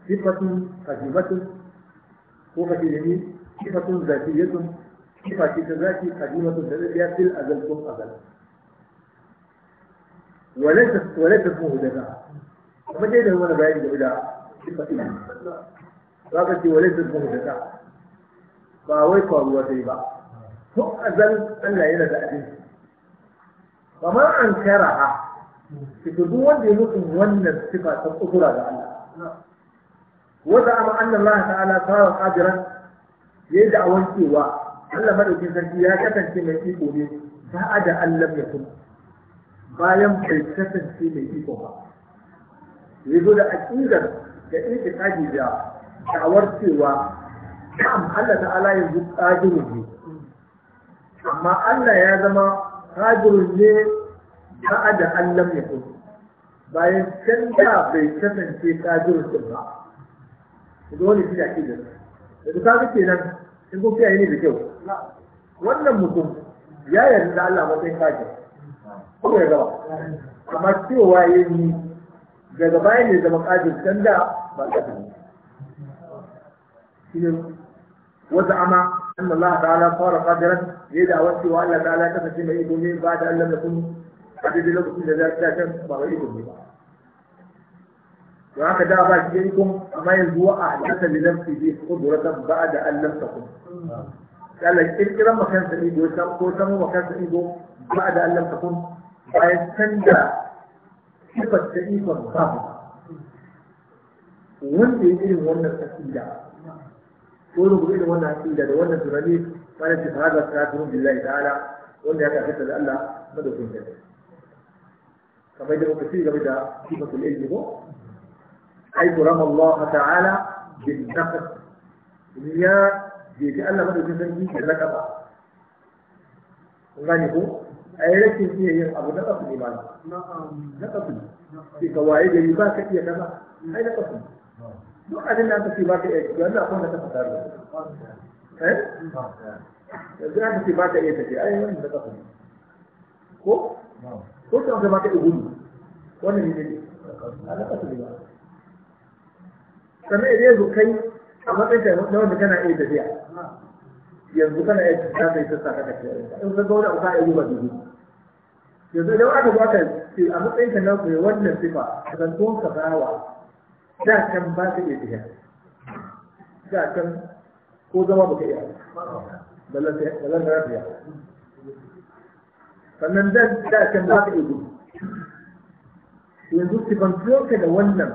sifatun kadimatun ko kadimi sifatun zatiyatun sifa ce ta zaki kadimatun da zai fil azal kun azal walaita walaita mu da za kuma dai da wani bayani game da sifatun za ka ce walaita mu da za ba wai faruwa sai ba تؤذن أن لا يلد أبيه وما أنكرها في تدوان دي لكم ونن سفا تبقر على الله وزعم أن الله تعالى صار قادرا يدع وانتوا ألا ما يجب أن يكون من يكون فأدى أن لم يكن bayan bai ce mai iko ba ya zo da aƙidar da ita kaji da shawar cewa ta'am Allah ta'ala yanzu ƙadiru ne amma Allah ya zama hajirun ne ba da Allah ya kudu bayan can da bai kasance hajirun din ba wani shi ake da da duka ke nan in a yi ne da kyau wannan mutum ya yarda Allah matsayin hajir Kuma ya zama, amma cewa ya yi daga bayan ne zama kajin can da ba kasance shi ne wata ama أن الله تعالى fara قادرا ne da wasu wa Allah ta'ala ta kace mai iko ne ba da Allah da kun a duk lokacin da za ta kan ba wai iko ne ba to haka da ba yi kun? amma yanzu wa ahlaka li nafsi bi qudratan ba da Allah ta kun Allah kirkiran makansa iko ko samu makansa iko ba da Allah ta kun bayan canza sifar da ikon ba, wanda ya irin wannan asida ko rubuta irin wannan asida da wannan tunani قال انت هذا الكافرون بالله تعالى قلنا هذا حتى لألا مدوا في الجنة كما يجب كثير من كيفة العلم هو حيث رمى الله تعالى بالنقص دنيا في كألا مدوا في الجنة في ذلك الأرض هو يقول أي لك فيه يا أبو نقص الإيمان نعم. نقص في قواعد يباك فيها كما أي نقص لو نعم. أدنا أنت في باقي أجل لأن أقول نقص Eh? yanzu aka ce ba ta iya tafiya ai wannan da kafa ko ko ta wanda ba ka iya gudu wannan ne ne a na kafa ne ba sannan idan yanzu kai a matsayin ta na wanda kana iya tafiya yanzu kana iya tafiya ta yi sassa ka tafiya yanzu ka zauna ba ka iya gudu ba yanzu idan aka zo aka ce a matsayin ta na mai wannan sifa a zantuwan ka bawa da can ba ta iya tafiya da can ko zama ba ka iya ba, da rafiya sannan dan da kan za ka iya yanzu sifantuwar ka da wannan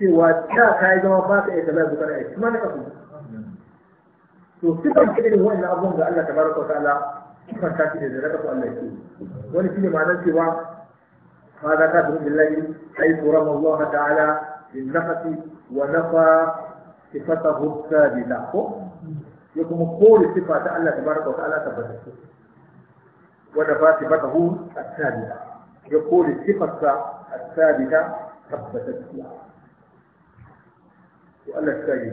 cewa da ka yi zama ba ka iya kaza da kana iya kuma na kafu to sifan ka da wannan abun ga Allah tabaraka wa ta'ala sifan ta shi da raka su Allah ya yake wani shine ma'anar cewa هذا كاتب بالله حيث رمى الله تعالى بالنفس ونفى صفته الثابته ya kuma kore sifa ta Allah tabaraka wa ta'ala tabbatacce wadda ba sifatahu at-thabita ya kore ta at-thabita tabbatacciya to Allah ta ya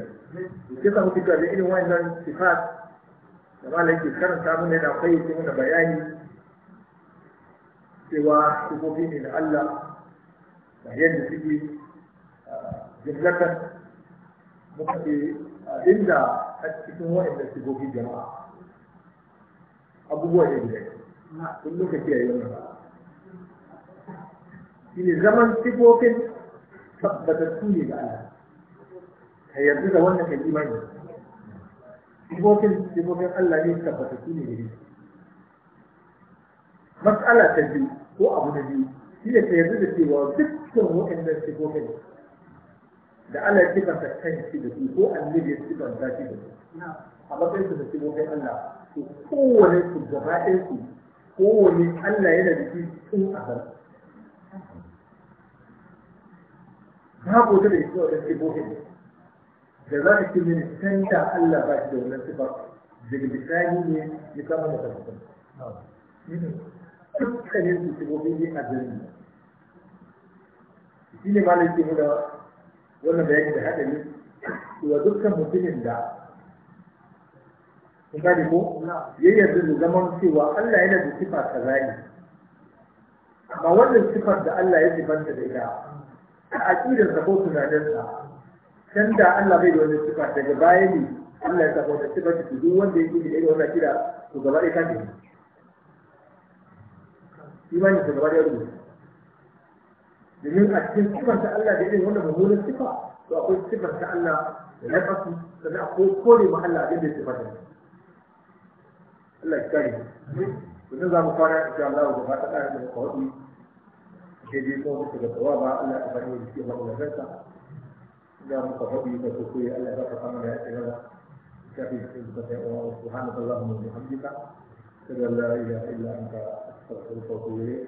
kare ke sa muke da irin wannan sifat da malaki karanta mana da kai ke mana bayani cewa sifofi ne da Allah da yadda suke ah, jimlatar muka ce abinda a cikin waɗanda sigogi jama'a abubuwa ne guda kun lokaci a yi wani shi ne zaman sigogin tabbatattu ne ga Allah ka yarda da wannan ka imani sigogin sigogin Allah ne tabbatattu ne gare shi matsala ta biyu ko abu na biyu shi ne ka yarda da cewa dukkan waɗannan sigogin da ana sifanta shi da su ko annabi ya sifanta shi da su a matsayin su da shi sifofin Allah to kowane su gaba ɗaya su kowane Allah yana da shi tun a ba ko da ya da sifofin da za ka ce mini canta Allah ba shi da wannan sifar daga bisani ne ya kama da karfin dukkanin su sifofin ne a zarni shi ne malaki mu da wannan da yake da haɗari wa dukkan mutumin da kun gane ko ya yarda da zaman cewa Allah yana da sifa kaza ne amma wannan sifar da Allah ya sifanta da ita a aqidar da ko tunanin sa dan da Allah bai da wani sifa daga baya ne Allah ya sako da sifar da duk wanda yake da irin wannan kira to gaba ɗaya kafin imani ta gaba ɗaya rubuta من أكثر كما تألا بإذن هنا مهول الصفة وأقول كما تألا لنفس فنأقول كل محل أدب الصفة الله يكريم ومن ذا إن شاء الله وجهة أكثر من القوتي الشيء يكون في الدوابة الله أفنيه في الله ولا فتا إذا مقفبي فتوكوي ألا يبقى فأمنا يأتي هذا كافي في الله سبحانه اللهم وبحمدك أشهد أن لا إله إلا أنت أستغفرك وأتوب إليك